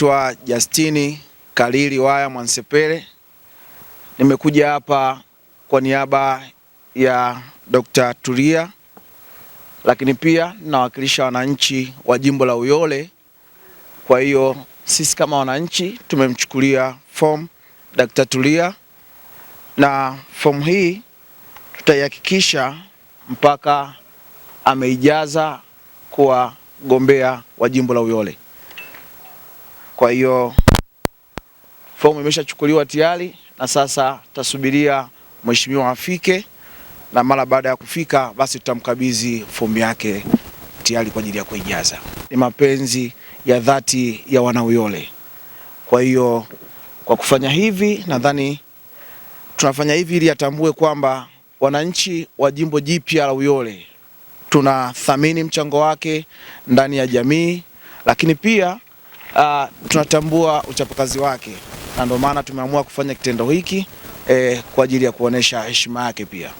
Naitwa Justini Kalili Waya Mwansepele, nimekuja hapa kwa niaba ya Dr. Tulia, lakini pia ninawakilisha wananchi wa jimbo la Uyole. Kwa hiyo sisi kama wananchi tumemchukulia fomu Dr. Tulia na fomu hii tutaihakikisha mpaka ameijaza kuwa gombea wa jimbo la Uyole. Kwa hiyo fomu imeshachukuliwa tayari na sasa tasubiria mheshimiwa afike, na mara baada ya kufika basi tutamkabidhi fomu yake tayari kwa ajili ya kuijaza. Ni mapenzi ya dhati ya wanauyole Kwa hiyo kwa kufanya hivi, nadhani tunafanya hivi ili atambue kwamba wananchi wa jimbo jipya la Uyole tunathamini mchango wake ndani ya jamii, lakini pia uh, tunatambua uchapakazi wake na ndio maana tumeamua kufanya kitendo hiki eh, kwa ajili ya kuonesha heshima yake pia.